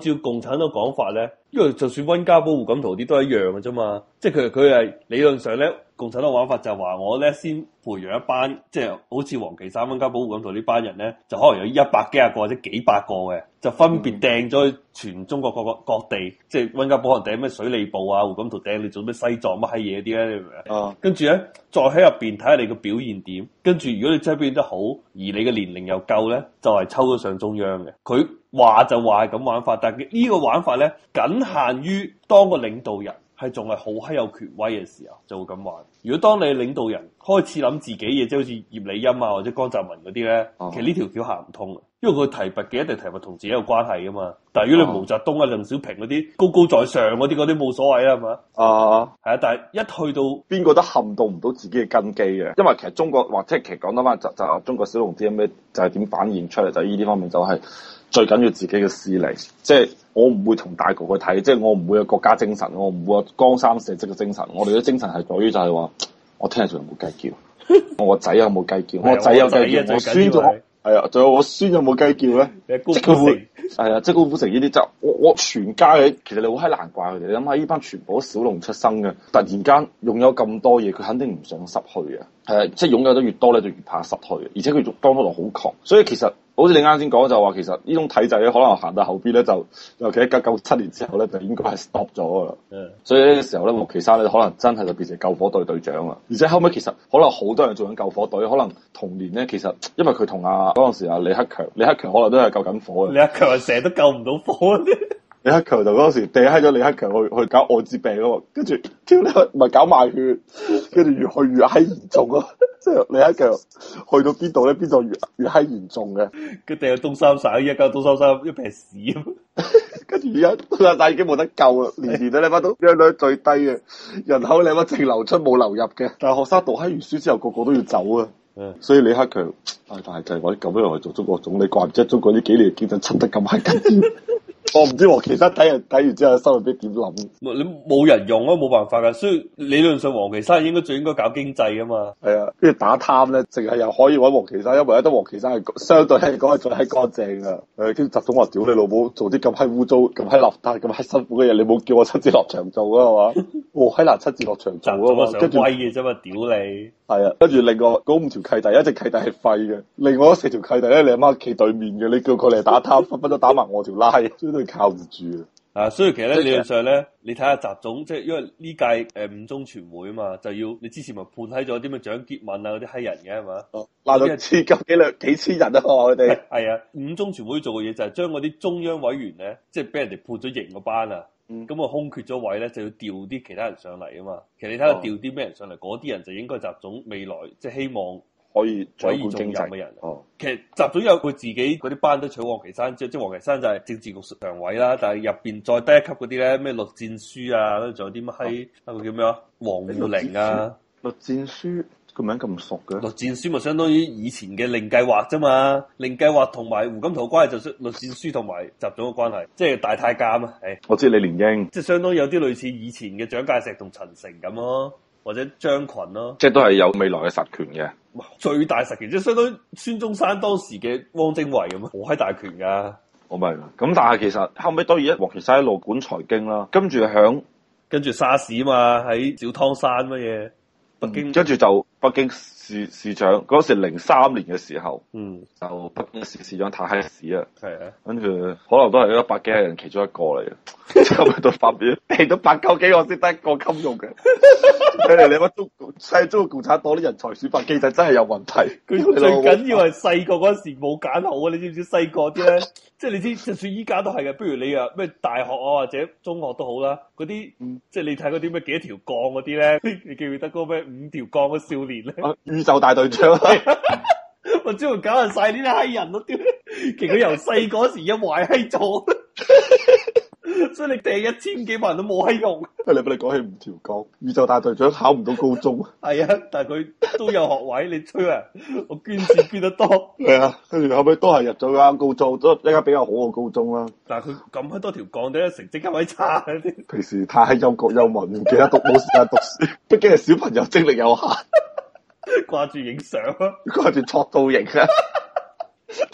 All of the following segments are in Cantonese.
按照共產黨嘅講法咧，因為就算溫家寶、胡錦濤啲都係一樣嘅啫嘛，即係佢佢係理論上咧。共產黨玩法就係話我咧先培養一班，即、就、係、是、好似王岐山、溫家寶、胡錦濤咁，同呢班人咧，就可能有一百幾廿個或者幾百個嘅，就分別掟咗去全中國各個、嗯、各地，即係溫家寶可能掟咩水利部啊，胡錦濤掟你做咩西藏乜閪嘢啲咧，你明唔明、嗯、跟住咧，再喺入邊睇下你個表現點，跟住如果你真係表現得好，而你嘅年齡又夠咧，就係、是、抽咗上中央嘅。佢話就話係咁玩法，但係呢個玩法咧，僅限於當個領導人。係仲係好閪有權威嘅時候就會咁話。如果當你領導人開始諗自己嘢，即係好似葉利欽啊或者江澤民嗰啲咧，uh huh. 其實呢條橋行唔通啊。因為佢提拔嘅一定提拔同自己有關係噶嘛。但係如果你毛澤東啊鄧、uh huh. 小平嗰啲高高在上嗰啲嗰啲冇所謂啦嘛。啊、uh，係、huh. 啊，但係一去到邊個都撼動唔到自己嘅根基嘅，因為其實中國或者其實講得翻就就中國小龍啲咩就係點反映出嚟就呢啲方面就係、是。最緊要自己嘅私利，即係我唔會同大局去睇，即係我唔會有國家精神，我唔會有江山社稷嘅精神。我哋嘅精神係在於就係話，我聽日仲有冇雞叫？我個仔有冇雞叫？我仔有雞叫。我孫就係啊，仲、哎、有我孫有冇雞叫咧？ 即佢會係啊、哎，即高虎城呢啲就我我全家嘅，其實你好閪難怪佢哋。你諗下，呢班全部都小龍出生嘅，突然間擁有咁多嘢，佢肯定唔想失去啊、呃！即係擁有得越多咧，就越怕失去，而且佢仲當中好強，所以其實。好似你啱先講就話，其實呢種體制咧，可能行到後邊咧，就尤其一九九七年之後咧，就應該係 stop 咗噶啦。Yeah. 所以呢個時候咧，王岐山咧，可能真係就變成救火隊隊長啦。而且後尾，其實可能好多人做緊救火隊，可能同年咧，其實因為佢同阿嗰陣時阿李克強，李克強可能都係救緊火嘅。李克強成日都救唔到火啊！ 李克強就嗰陣時掟喺咗李克強去去搞艾滋病啊！跟住挑你唔係搞賣血，跟住越去越閪嚴重啊！ 即係李克強去到邊度咧？邊度越越閪嚴重嘅？佢掉到東三省，一交東三省一撇屎咁。跟住而家東三省已經冇得救啊！ 年年都你翻，都一兩最低嘅人口，你乜淨流出冇流入嘅？但係學生讀閪完書之後，個個都要走啊！ 所以李克強、哎，但係就係搵咁樣去做中國總理，怪唔知中國呢幾年經濟出得咁閪緊。 我唔知王岐山睇完睇完之後心裏邊點諗，你冇人用啊，冇辦法噶、啊。所以理論上王岐山應該最應該搞經濟噶嘛。係啊，跟住打貪咧，淨係又可以搵王岐山，因為咧得王岐山係相對嚟講係最係乾淨噶。誒、啊，啲習總話：屌你老母，做啲咁閪污糟、咁閪邋遢、咁閪辛苦嘅嘢，你冇叫我親自落場做啊、 哦、嘛。我喺難親自落場做啊嘛，跟住威嘅啫嘛，屌你！係啊，跟住另外嗰五條契弟，一隻契弟係廢嘅，另外四條契弟咧，你阿媽企對面嘅，你叫佢嚟打貪，分分都打埋我條拉，所以都靠唔住啊。所以其實咧理論上咧，你睇下習總，即係因為呢屆誒、呃、五中全會啊嘛，就要你之前咪判喺咗啲咩蔣潔敏啊嗰啲閪人嘅係嘛？嗱，你知幾兩幾千人啊？佢哋係啊，五中全會做嘅嘢就係將嗰啲中央委員咧，即係俾人哋判咗刑嗰班啊。咁啊，嗯、空缺咗位咧，就要調啲其他人上嚟啊嘛。其實你睇下調啲咩人上嚟，嗰啲、嗯、人就應該習總未來即係、就是、希望可以做任嘅人。哦、嗯，其實習總有佢自己嗰啲班，都取王岐山，即係即係王岐山就係政治局常委啦。但係入邊再低一級嗰啲咧，咩栗戰書啊，仲有啲乜閪一個叫咩話王滬寧啊，栗、啊、戰書。個名咁熟嘅？栗戰書咪相當於以前嘅令計劃啫嘛，令計劃同埋胡錦濤關係就栗戰書同埋習總嘅關係，即係大太監啊！我知李蓮英，即係相當於有啲類似以前嘅蔣介石同陳誠咁咯，或者張群咯、啊，即係都係有未來嘅實權嘅。最大實權即係相當於孫中山當時嘅汪精衛咁啊，好閪大權噶。我咪咁，但係其實後尾，都而家王岐山一路管財經啦，跟住響跟住沙士嘛，喺小湯山乜嘢北京，跟住、嗯、就。北京市市長嗰時零三年嘅時候，嗯，就北京市市長太閪屎啊！係啊，跟住可能都係一百幾人其中一個嚟嘅，喺度 發表嚟到八九幾，我識得一個金融嘅。睇嚟你乜中細中共產黨啲人才選拔機制真係有問題。佢最緊要係細個嗰陣時冇揀好啊！你知唔知細個啲咧？即係 你知，就算依家都係嘅。不如你啊咩大學啊或者中學都好啦，嗰啲嗯即係、就是、你睇嗰啲咩幾條槓嗰啲咧，你記唔記得嗰咩五條槓嘅少？宇宙大隊長，我朝搞人晒呢啲閪人咯，屌！其實由細嗰時一壞喺做，所以你掟一千幾萬都冇喺用。你唔你講起五條槓？宇宙大隊長考唔到高中。係啊、哎，但係佢都有學位，你吹啊！我捐錢捐得多。係、哎、啊，跟住後尾都係入咗間高中，都一間比較好嘅高中啦、啊。但係佢咁喺多條槓，點解成績咁閪差、啊？平時太憂國憂民，唔記得讀冇時間讀書， 畢竟係小朋友精力有限。掛住影相啊！掛住撮造型啊！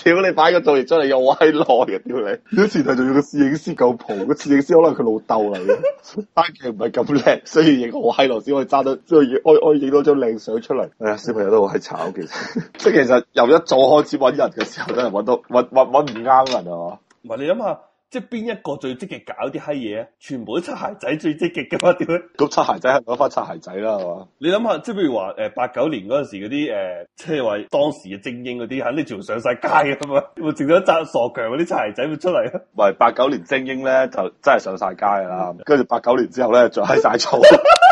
屌 你擺個造型出嚟又閪耐嘅，屌你！咁前台仲要個攝影師夠蒲，個攝影師可能佢老豆嚟嘅，單鏡唔係咁叻，所以影好閪耐先可以揸到，即係影可以可以影到張靚相出嚟。係啊，小朋友都好閪炒，其實即係其實由一早開始揾人嘅時候，真係揾到揾揾揾唔啱人啊，唔係你諗下。即係邊一個最積極搞啲嗨嘢啊？全部都擦鞋仔最積極嘅嘛？點解？咁擦鞋仔攞翻擦鞋仔啦，係嘛、呃呃就是啊？你諗下，即係譬如話誒八九年嗰陣時嗰啲誒，即係話當時嘅精英嗰啲，肯定全部上晒街噶嘛？咪仲想爭傻強嗰啲擦鞋仔咪出嚟啊？係、啊啊、八九年精英咧，就真係上晒街啦。跟住八九年之後咧，就閪晒草，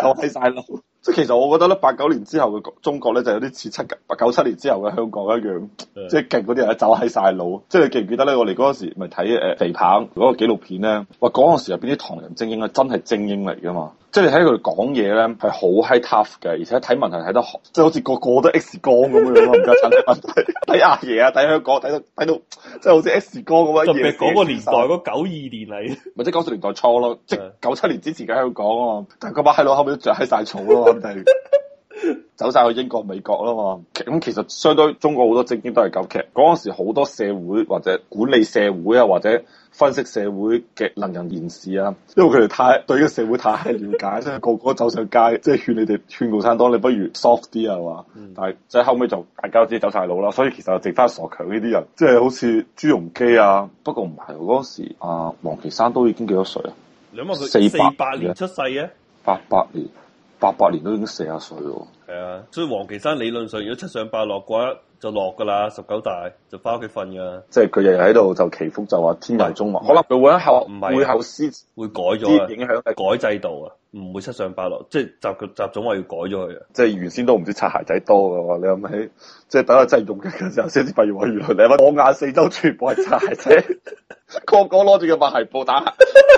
就閪晒路。 即係其實我覺得咧，八九年之後嘅中國咧，就有啲似七八九七年之後嘅香港一樣，即係勁嗰啲人走喺晒路。即係你記唔記得咧？我哋嗰陣時咪睇誒《肥彭》嗰個紀錄片咧，哇！嗰陣時入邊啲唐人精英啊，真係精英嚟㗎嘛～即係你喺佢講嘢咧係好 high tough 嘅，而且睇問題睇得即係好似個個都 X 光咁樣咯。唔該，陳生，睇阿爺啊，睇香港睇到睇到，即係好似 X 光咁樣。特別嗰個年代，嗰九二年嚟，或者九十年代初咯， 即係九七年之前嘅香港啊。嘛。但係把係佬後屘都着喺晒草咯，咁哋 走晒去英國美國啦嘛。咁其實相當中國好多精英都係舊劇嗰陣時，好多社會或者管理社會啊，或者。分析社會嘅能人賢士啊，因為佢哋太對呢個社會太了解，即係 個個走上街，即係勸你哋勸共產黨，你不如 soft 啲啊，嘛、嗯，但係即係後尾，就大家自己走晒路啦。所以其實就剩翻傻強呢啲人，即係好似朱鎔基啊。不過唔係，嗰時啊，王岐、啊、山都已經幾多歲年啊？你諗下佢四八年出世嘅，八八年，八八年都已經四啊歲咯。係啊，所以王岐山理論上如果七上八落嘅話。就落噶啦，十九大就返屋企瞓噶，即係佢日日喺度就祈福，就話天大中華。可能佢會後會後思會改咗啲影響，改制度啊，唔會七上八落，即係習習總話要改咗佢啊。即係原先都唔知擦鞋仔多噶喎，你諗起即係等下真係用嘅時候先至發現話原來你我眼四周全部係擦鞋仔，個個攞住個白鞋布打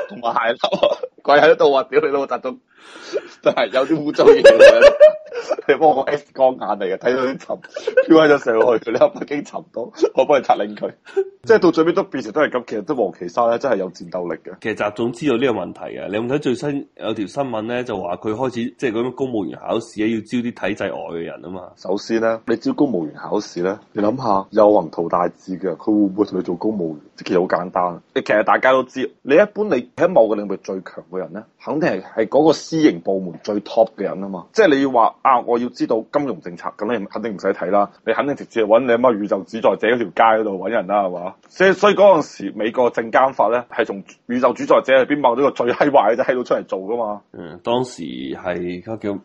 同埋鞋盒。鬼喺度話屌你老雜種，真係有啲污糟嘢， 你幫我 X 光眼嚟嘅，睇到啲沉跳喺度上落去， 你喺北京沉到？我幫佢拆領佢， 即係到最尾都變成都係咁。其實都王岐山咧，真係有戰鬥力嘅。其實習總知道呢個問題嘅，你有冇睇最新有條新聞咧？就話佢開始即係嗰種公務員考試咧，要招啲體制外嘅人啊嘛。首先咧，你招公務員考試咧，你諗下有宏圖大志嘅，佢會唔會同你做公務員？其實好簡單，誒，其實大家都知你，你一般你喺某個領域最強。個人咧，肯定係係嗰個私營部門最 top 嘅人啊嘛，即係你要話啊，我要知道金融政策，咁你肯定唔使睇啦，你肯定直接揾你阿媽宇宙主宰者嗰條街嗰度揾人啦，係嘛？即係所以嗰陣時美國政監法咧，係從宇宙主宰者入邊某咗個最閪壞嘅仔喺度出嚟做噶嘛。嗯，當時係而家叫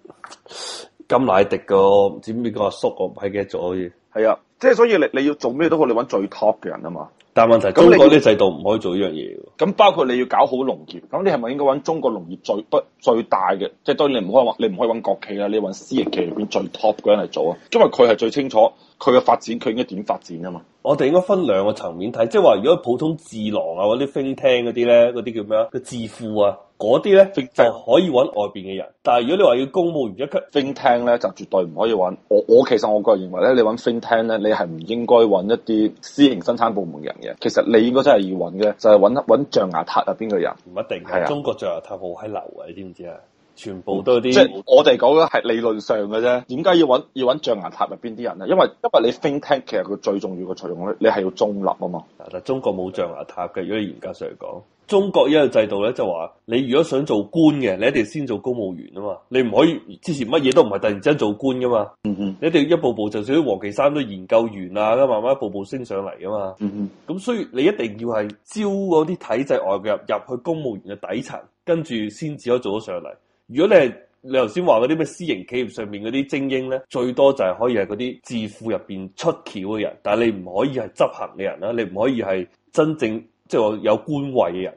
金乃迪個，唔知邊個阿叔唔喺嘅左嘅。係啊，即係所以你你要做咩都好，你揾最 top 嘅人啊嘛。但係問題，中國啲制度唔可以做呢樣嘢。咁包括你要搞好農業，咁你係咪應該揾中國農業最不最大嘅，即係當然你唔可以揾你唔可以揾國企啦，你揾私營企業入邊最 top 嘅人嚟做啊，因為佢係最清楚佢嘅發展，佢應該點發展啊嘛。我哋應該分兩個層面睇，即係話如果普通智囊啊，嗰啲 think tank 嗰啲咧，嗰啲叫咩啊？個智庫啊。嗰啲咧就可以揾外邊嘅人，但係如果你話要公務員一級 think tank 咧，就絕對唔可以揾。我我其實我個人認為咧，你揾 think tank 咧，你係唔應該揾一啲私營生產部門人嘅。其實你應該真係要揾嘅，就係揾揾象牙塔入邊嘅人。唔一定，係是、啊、中國象牙塔好喺流嘅你知唔知啊？全部都係啲，即係、嗯就是、我哋講嘅係理論上嘅啫。點解要揾要揾象牙塔入邊啲人咧？因為因為你 think tank 其實佢最重要嘅作用咧，是你係要中立啊嘛。但係中國冇象牙塔嘅，如果你嚴格上嚟講，中國呢個制度咧就話你如果想做官嘅，你一定要先做公務員啊嘛。你唔可以之前乜嘢都唔係突然之間做官噶嘛。嗯嗯，你一定要一步步，就算啲王岐山都研究員啊，咁慢慢一步步升上嚟啊嘛。嗯嗯，咁所以你一定要係招嗰啲體制外嘅入入去公務員嘅底層，跟住先至可以做咗上嚟。如果你係你頭先話嗰啲咩私營企業上面嗰啲精英咧，最多就係可以係嗰啲智庫入邊出橋嘅人，但係你唔可以係執行嘅人啦，你唔可以係真正即係話有官位嘅人。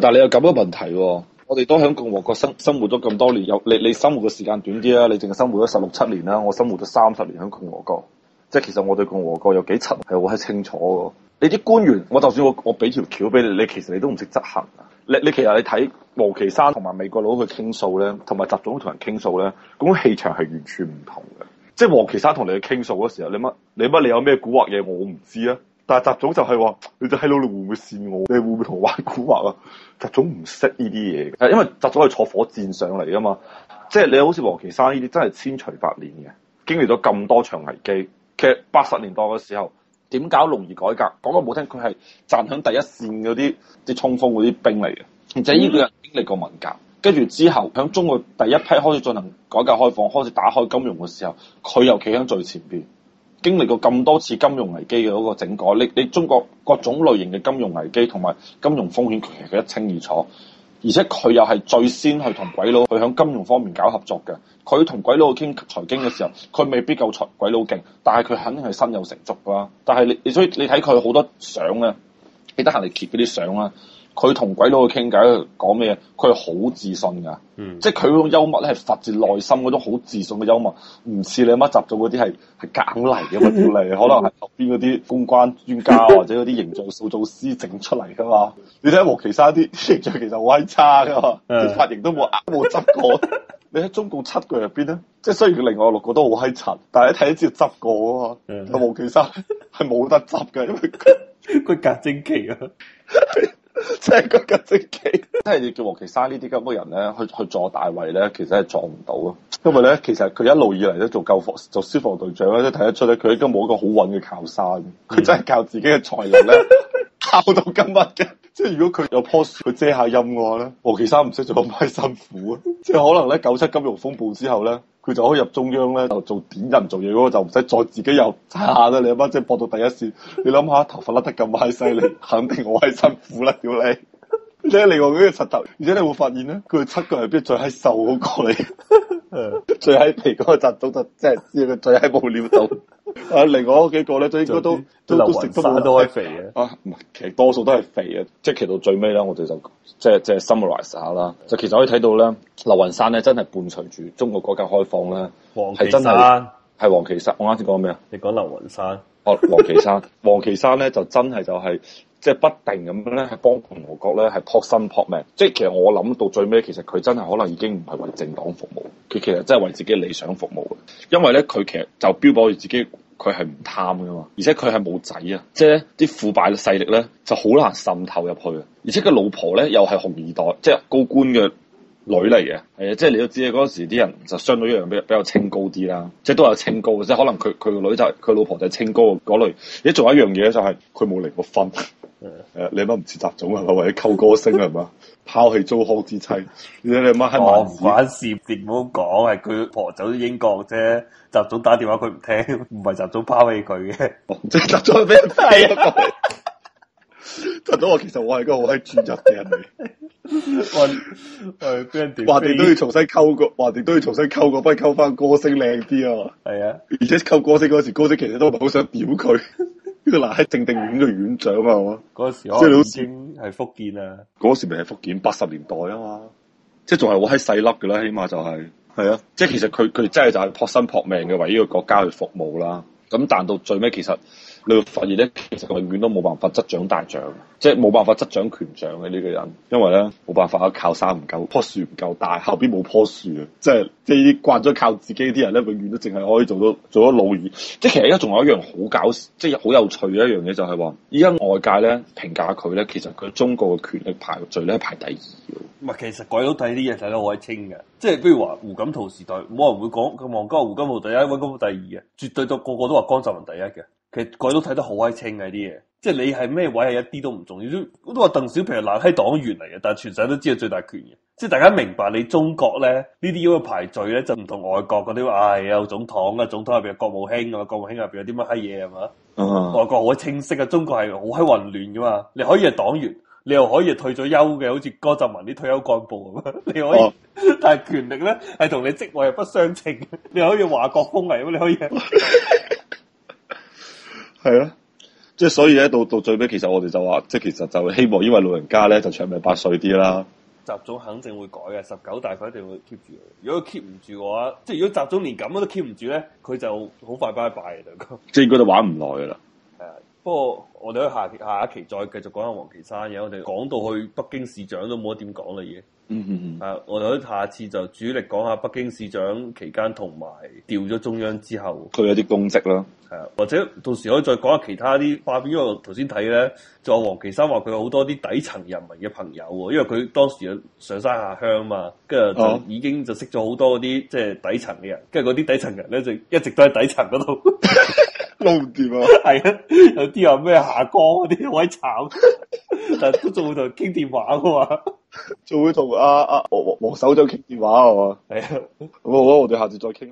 但係你有咁嘅問題喎，我哋都喺共和國生生活咗咁多年，有你你生活嘅時間短啲啦，你淨係生活咗十六七年啦，我生活咗三十年喺共和國，即係其實我對共和國有幾層係好係清楚嘅。你啲官員，我就算我我俾條橋俾你，你其實你都唔識執行。你你，你其實你睇。王岐山同埋美國佬佢傾訴咧，同埋習總同人傾訴咧，咁、那個、氣場係完全唔同嘅。即係王岐山同你傾訴嗰時候，你乜你乜你有咩蠱惑嘢？我唔知啊。但係習總就係話：你就喺佬你會唔會蝕我？你會唔會同我玩蠱惑啊？習總唔識呢啲嘢嘅，因為習總係坐火箭上嚟啊嘛。即係你好似王岐山呢啲真係千錘百鍊嘅，經歷咗咁多場危機。其實八十年代嘅時候點搞農業改革？講句唔好聽，佢係站喺第一線嗰啲啲衝鋒嗰啲兵嚟嘅。而且呢個人經歷過文革，跟住之後喺中國第一批開始進行改革開放，開始打開金融嘅時候，佢又企喺最前邊，經歷過咁多次金融危機嘅嗰個整改。你你中國各種類型嘅金融危機同埋金融風險，其實佢一清二楚。而且佢又係最先去同鬼佬去喺金融方面搞合作嘅。佢同鬼佬去傾財經嘅時候，佢未必夠財鬼佬勁，但係佢肯定係心有成竹㗎。但係你你所以你睇佢好多相啊，你得閒嚟揭嗰啲相啊。佢同鬼佬去傾偈，講咩？佢係好自信噶，嗯、即係佢嗰種幽默咧，係發自內心嗰種好自信嘅幽默，唔似你乜集組嗰啲係係假嚟嘅嘛？嚟 可能係後邊嗰啲公關專家或者嗰啲形象塑造師整出嚟噶嘛？你睇下王岐山啲形象其實好閪差噶嘛，佢髮型都冇冇執過。你喺中共七個入邊咧，即係雖然佢另外六個都好閪差，但係一睇就知執過啊嘛。但係王岐山係冇得執嘅，因為佢佢隔徵期啊。 即係個直升機，即係 叫王岐山呢啲咁嘅人咧，去去坐大位咧，其實係坐唔到咯。因為咧，其實佢一路以嚟咧做救火、做消防隊長咧，都睇得出咧，佢應該冇一個好穩嘅靠山，佢真係靠自己嘅才能咧， 靠到今日嘅。即係如果佢有 post 佢遮下陰嘅話咧，王岐山唔識做咪辛苦啊！即係可能咧，九七金融風暴之後咧。佢就可以入中央咧，就做點人做嘢嗰個就唔使再自己又炸啦！ 你阿媽即係搏到第一線，你諗下頭髮甩得咁閪犀利，肯定好閪辛苦啦！屌你，即 係另外嗰、那個柒頭，而且你有冇發現咧？佢七腳人邊最閪瘦嗰、那個嚟， 最閪皮骨扎到真係，即、就、係、是、最閪無料到。啊，另外嗰幾個咧，都應該都有都劉雲山都食得冇開肥嘅啊，唔係，其實多數都係肥嘅，即係其實到最尾咧，我哋就即係、就、即、是、係、就是、summarise 下啦。 就其實可以睇到咧，劉雲山咧真係伴隨住中國改革開放咧，係真係係王岐山。我啱先講咩啊？你講劉雲山 哦，王岐山，王岐山咧就真係就係即係不定咁咧，幫共和國咧係撲身撲命。即係其實我諗到最尾，其實佢真係可能已經唔係為政黨服務，佢其實真係為自己理想服務嘅。因為咧，佢其， 其實就標榜住自己。佢係唔貪噶嘛，而且佢係冇仔啊，即係啲腐敗嘅勢力咧就好難滲透入去啊，而且佢老婆咧又係紅二代，即係高官嘅女嚟嘅，係啊，即係你都知啊，嗰時啲人就相對一樣比比較清高啲啦，即係都有清高，即係可能佢佢個女就係、是、佢老婆就係清高嗰類，而且仲有一樣嘢就係佢冇離過婚。誒，你媽唔似習總係咪？或者溝歌星係嘛？拋棄糟糠之妻，你阿媽係唔關事，唔好講，係佢婆走咗英國啫。習總打電話佢唔聽，唔係習總拋棄佢嘅，即係習總俾人批。是啊 習總！習總，我其實我係一個好閪專一嘅人嚟，係 俾人點？話掂都要重新溝過，話掂都要重新溝過，不如溝翻歌星靚啲是啊！嘛。係啊，而且溝歌星嗰時，歌星其實都好想屌佢。呢個嗱，喺正定院嘅院長啊，嗰時即係已經係福建啊。嗰時咪係福建八十年代啊嘛，即係仲係我喺細粒噶啦，起碼就係、是、係啊。即係其實佢佢真係就係撲心撲命嘅為呢個國家去服務啦。咁但到最尾其實。你會發現咧，其實永遠都冇辦法執掌大將，即係冇辦法執掌權杖嘅呢個人，因為咧冇辦法靠山唔夠，樖樹唔夠大，後邊冇樖樹，即係即係呢慣咗靠自己啲人咧，永遠都淨係可以做到做到老二。即係其實而家仲有一樣好搞笑，即係好有趣嘅一樣嘢就係話，而家外界咧評價佢咧，其實佢中國嘅權力排序咧排第二。唔係，其實鬼佬睇啲嘢睇得好鬼清嘅，即係譬如話胡錦濤時代，冇人會講黃金屋胡錦濤第一，黃金屋第二嘅，絕對到個個都話江澤民第一嘅。其實鬼都睇得好閪清啊啲嘢，即係你係咩位係一啲都唔重要。我都話鄧小平係爛閪黨員嚟嘅，但係全世界都知道最大權嘅。即係大家明白你中國咧呢啲咁嘅排序咧就唔同外國嗰啲。唉、哎，有總統啊，總統入邊有國務卿啊，國務卿入邊有啲乜閪嘢係嘛？啊、外國好清晰啊，中國係好閪混亂噶嘛。你可以係黨員，你又可以退咗休嘅，好似江澤民啲退休幹部咁啊。你可以，啊、但係權力咧係同你職位係不相稱嘅。你可以華國鋒嚟，你可以。 係啊，即係所以咧，到到最尾其實我哋就話，即係其實就希望，因為老人家咧就長命八歲啲啦。習總肯定會改嘅，十九大佢一定會 keep 住。如果佢 keep 唔住嘅話，即係如果習總連咁都 keep 唔住咧，佢就好快拜拜噶啦。即係應該就玩唔耐噶啦。係不過我哋喺下一下一期再繼續講下王岐山嘢。我哋講到去北京市長都冇得點講啦，已經。嗯嗯嗯，啊，我哋可以下次就主力講下北京市長期間，同埋調咗中央之後，佢有啲功績啦。係啊，或者到時可以再講下其他啲花邊，因為頭先睇咧，仲有王岐山話佢好多啲底層人民嘅朋友喎，因為佢當時上山下鄉嘛，跟住就已經就識咗好多啲即係底層嘅人，跟住嗰啲底層人咧就一直都喺底層嗰度，我唔掂啊，係啊， 有啲話咩下崗嗰啲位慘，但都仲會同佢傾電話噶嘛。就 會同阿阿王王首長傾電話係嘛？係啊，咁好啦，我哋下次再傾。